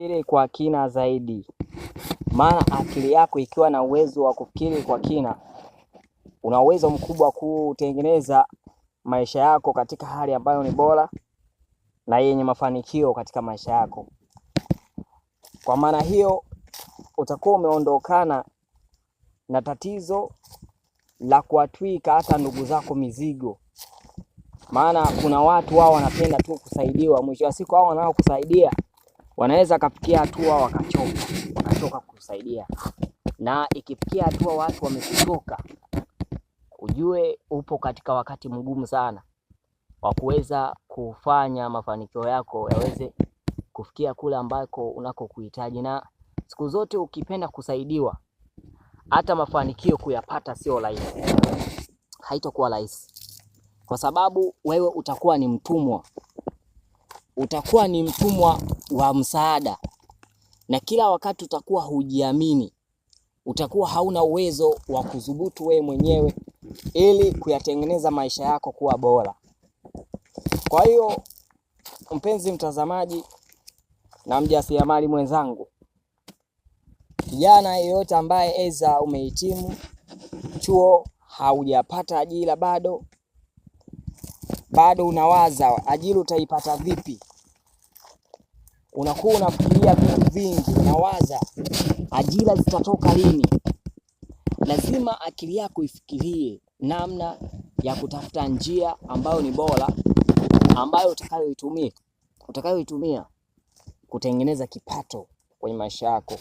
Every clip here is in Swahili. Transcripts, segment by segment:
Fikiri kwa kina zaidi, maana akili yako ikiwa na uwezo wa kufikiri kwa kina, una uwezo mkubwa wa kutengeneza maisha yako katika hali ambayo ni bora na yenye mafanikio katika maisha yako. Kwa maana hiyo, utakuwa umeondokana na tatizo la kuwatwika hata ndugu zako mizigo. Maana kuna watu wao wanapenda tu kusaidiwa, mwisho wa siku wanao wanaokusaidia wanaweza akafikia hatua wakachoka, wakachoka kusaidia, na ikifikia hatua watu wamekuchoka, ujue upo katika wakati mgumu sana wa kuweza kufanya mafanikio yako yaweze kufikia kule ambako unakokuhitaji. Na siku zote ukipenda kusaidiwa, hata mafanikio kuyapata sio rahisi, haitakuwa rahisi, kwa sababu wewe utakuwa ni mtumwa utakuwa ni mtumwa wa msaada, na kila wakati utakuwa hujiamini, utakuwa hauna uwezo wa kudhubutu wewe mwenyewe ili kuyatengeneza maisha yako kuwa bora. Kwa hiyo mpenzi mtazamaji na mjasiriamali mwenzangu, kijana yeyote ambaye eza umehitimu chuo, haujapata ajira bado, bado unawaza ajira utaipata vipi, unakuwa unafikiria vitu vingi, unawaza ajira zitatoka lini. Lazima akili yako ifikirie namna ya kutafuta njia ambayo ni bora, ambayo utakayoitumia utakayoitumia kutengeneza kipato kwenye maisha yako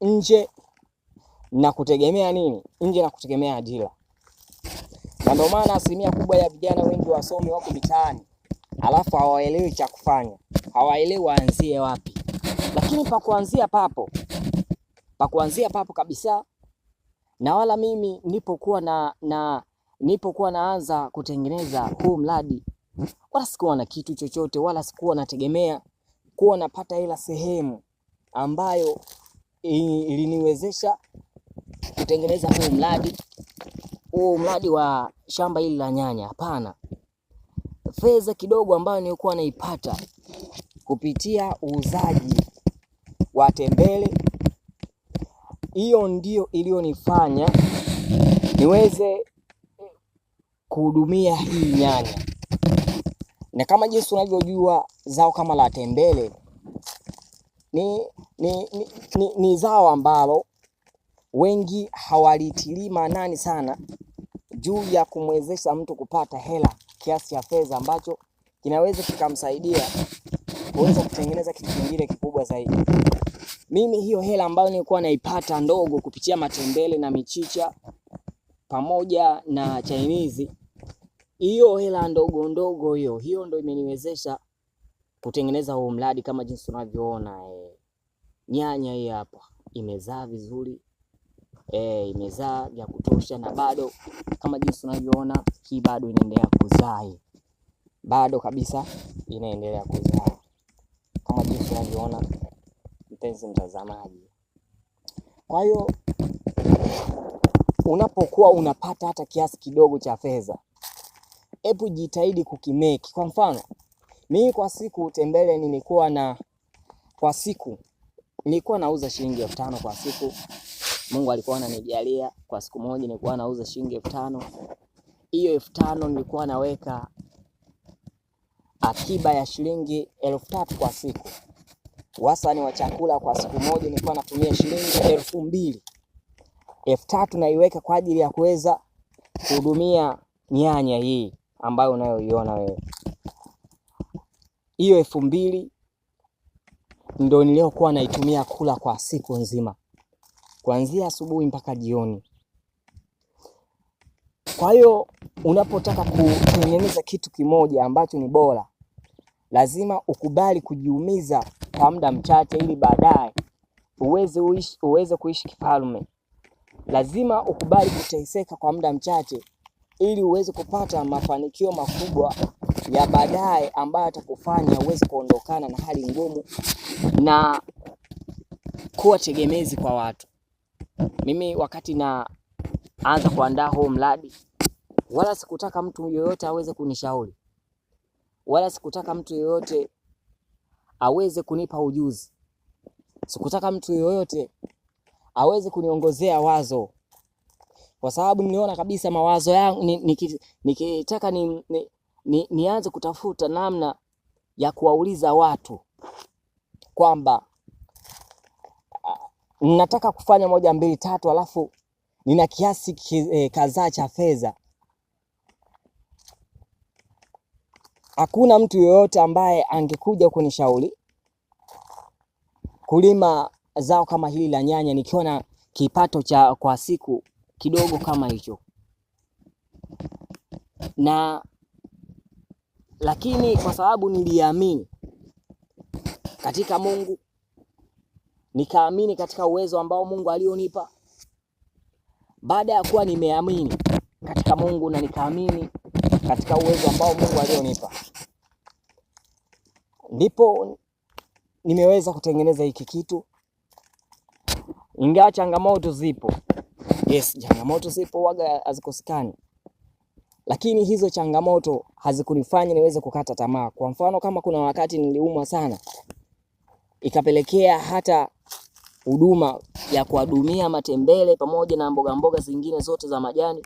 nje na kutegemea nini, nje na kutegemea ajira na ndio maana asilimia kubwa ya vijana wengi wasomi wako mitaani, alafu hawaelewi cha kufanya, hawaelewi waanzie wapi. Lakini pa kuanzia papo, pa kuanzia papo kabisa. Na wala mimi nipokuwa na, na nipokuwa naanza kutengeneza huu mradi, wala sikuwa na kitu chochote, wala sikuwa nategemea kuwa napata ila sehemu ambayo iliniwezesha kutengeneza huu mradi huu mradi wa shamba hili la nyanya. Hapana, fedha kidogo ambayo nilikuwa naipata kupitia uuzaji wa tembele, hiyo ndio iliyonifanya niweze kuhudumia hii nyanya, na kama jinsi unavyojua zao kama la tembele ni, ni, ni, ni, ni zao ambalo wengi hawalitilii maanani sana juu ya kumwezesha mtu kupata hela, kiasi cha fedha ambacho kinaweza kikamsaidia kuweza kutengeneza kitu kingine kikubwa zaidi. Mimi hiyo hela ambayo nilikuwa naipata ndogo kupitia matembele na michicha pamoja na chainizi, hiyo hela ndogo ndogo hiyo hiyo ndo imeniwezesha kutengeneza huu mradi kama jinsi unavyoona. Eh, nyanya hii hapa imezaa vizuri, e, imezaa vya kutosha, na bado kama jinsi unavyoona hii bado inaendelea kuzaa, bado kabisa inaendelea kuzaa kama jinsi unavyoona, mpenzi mtazamaji. Kwa hiyo unapokuwa unapata hata kiasi kidogo cha fedha, hebu jitahidi kukimeki. Kwa mfano mimi kwa siku tembele nilikuwa na kwa siku nilikuwa nauza shilingi elfu tano kwa siku Mungu alikuwa ananijalia kwa siku moja, nilikuwa nauza shilingi elfu tano. Hiyo elfu tano nilikuwa naweka akiba ya shilingi elfu tatu kwa siku, wasani wa chakula kwa siku moja nilikuwa natumia shilingi elfu mbili. Elfu tatu naiweka kwa ajili ya kuweza kuhudumia nyanya hii ambayo unayoiona wewe. Hiyo elfu mbili ndio niliyokuwa naitumia kula kwa siku nzima kuanzia asubuhi mpaka jioni. Kwa hiyo unapotaka kutengeneza kitu kimoja ambacho ni bora, lazima ukubali kujiumiza kwa muda mchache, ili baadaye uweze uishi, uweze kuishi kifalme. Lazima ukubali kuteseka kwa muda mchache, ili uweze kupata mafanikio makubwa ya baadaye ambayo atakufanya uweze kuondokana na hali ngumu na kuwa tegemezi kwa watu. Mimi wakati naanza kuandaa huu mradi, wala sikutaka mtu yoyote aweze kunishauri, wala sikutaka mtu yoyote aweze kunipa ujuzi, sikutaka mtu yoyote aweze kuniongozea wazo, kwa sababu niliona kabisa mawazo yangu nikitaka ni, ni, ni, ni, nianze kutafuta namna ya kuwauliza watu kwamba nataka kufanya moja mbili tatu, alafu nina kiasi eh, kadhaa cha fedha. Hakuna mtu yoyote ambaye angekuja kunishauri kulima zao kama hili la nyanya nikiwa na kipato cha kwa siku kidogo kama hicho na lakini kwa sababu niliamini katika Mungu nikaamini katika uwezo ambao Mungu alionipa. Baada ya kuwa nimeamini katika Mungu na nikaamini katika uwezo ambao Mungu alionipa, ndipo nimeweza kutengeneza hiki kitu, ingawa changamoto zipo. Yes, changamoto zipo, waga hazikosekani, lakini hizo changamoto hazikunifanya niweze kukata tamaa. Kwa mfano, kama kuna wakati niliumwa sana, ikapelekea hata huduma ya kuwadumia matembele pamoja na mboga mboga zingine zote za majani,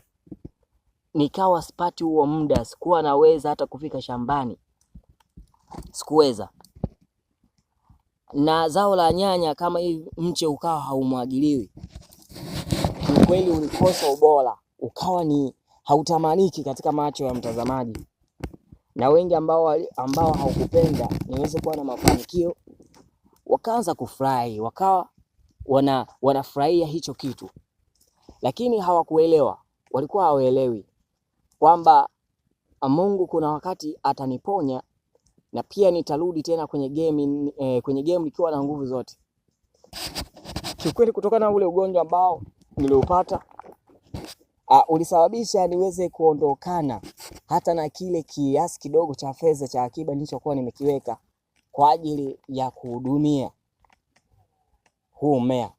nikawa sipati huo muda, sikuwa naweza hata kufika shambani, sikuweza. Na zao la nyanya kama hivi, mche ukawa haumwagiliwi, kiukweli ulikosa ubora, ukawa ni hautamaniki katika macho ya mtazamaji, na wengi ambao ambao haukupenda niweze kuwa na mafanikio wakaanza kufurahi, wakawa wana wanafurahia hicho kitu, lakini hawakuelewa, walikuwa hawaelewi kwamba Mungu kuna wakati ataniponya na pia nitarudi tena kwenye game, eh, kwenye game nikiwa na nguvu zote. Kiukweli, kutokana na ule ugonjwa ambao niliupata uh, ulisababisha niweze kuondokana hata na kile kiasi kidogo cha fedha cha akiba nilichokuwa nimekiweka kwa ajili ya kuhudumia huu mmea.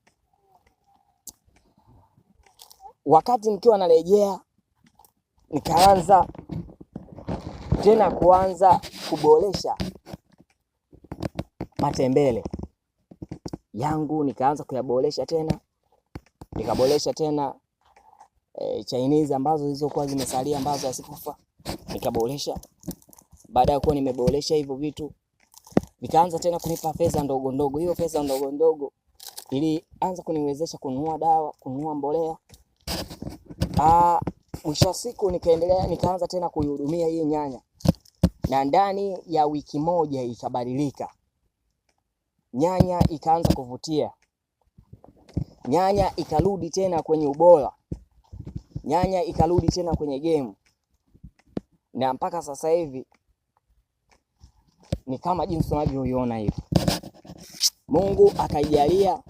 Wakati nikiwa narejea, nikaanza tena kuanza kuboresha matembele yangu, nikaanza kuyaboresha tena, nikaboresha tena e, Chinese ambazo zilizokuwa zimesalia ambazo hazikufa nikaboresha. Baada ya kuwa nimeboresha hivyo vitu, nikaanza tena kunipa fedha ndogo ndogo. Hiyo fedha ndogo ndogo ilianza kuniwezesha kununua dawa, kununua mbolea. Ah, mwisho wa siku nikaendelea, nikaanza tena kuihudumia hii nyanya, na ndani ya wiki moja ikabadilika, nyanya ikaanza kuvutia, nyanya ikarudi tena kwenye ubora, nyanya ikarudi tena kwenye gemu, na mpaka sasa hivi ni kama jinsi unavyoiona hivi. Mungu akaijalia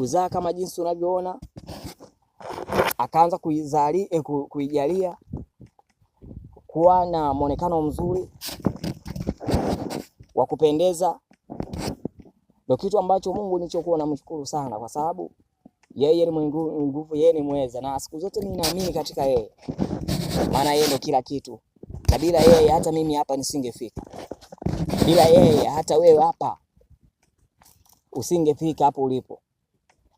kuzaa kama jinsi unavyoona, akaanza kuijalia eh, kuijalia kuwa na mwonekano mzuri wa kupendeza. Ndio kitu ambacho Mungu nilichokuwa namshukuru sana, kwa sababu yeye ni mwenye nguvu, yeye ni mweza, na siku zote mimi naamini katika yeye, maana yeye ndio kila kitu, na bila yeye hata mimi hapa nisingefika, bila yeye hata wewe hapa usingefika hapo ulipo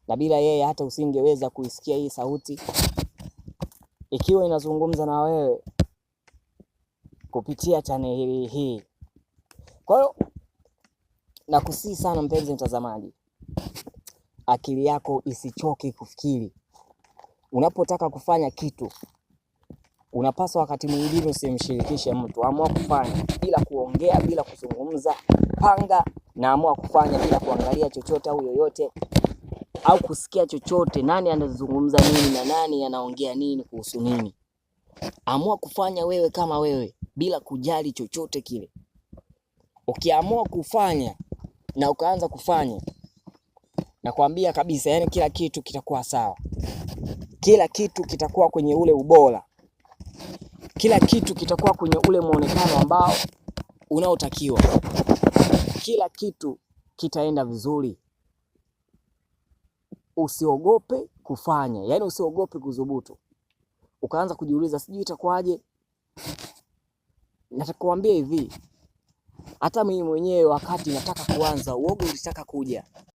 na bila yeye hata usingeweza kuisikia hii sauti ikiwa inazungumza na wewe kupitia chaneli hii. Kwa hiyo nakusii sana mpenzi mtazamaji, akili yako isichoke kufikiri. Unapotaka kufanya kitu, unapaswa wakati mwingine usimshirikishe mtu. Amua kufanya bila kuongea, bila kuzungumza. Panga na amua kufanya bila kuangalia chochote au yoyote au kusikia chochote, nani anazungumza nini na nani anaongea nini kuhusu nini. Amua kufanya wewe kama wewe bila kujali chochote kile. Ukiamua kufanya na ukaanza kufanya, nakwambia kabisa, yani kila kitu kitakuwa sawa, kila kitu kitakuwa kwenye ule ubora, kila kitu kitakuwa kwenye ule mwonekano ambao unaotakiwa, kila kitu kitaenda vizuri usiogope kufanya, yani usiogope kudhubutu. Ukaanza kujiuliza sijui itakuwaje. Natakwambia hivi, hata mimi mwenyewe wakati nataka kuanza uoga ulitaka kuja.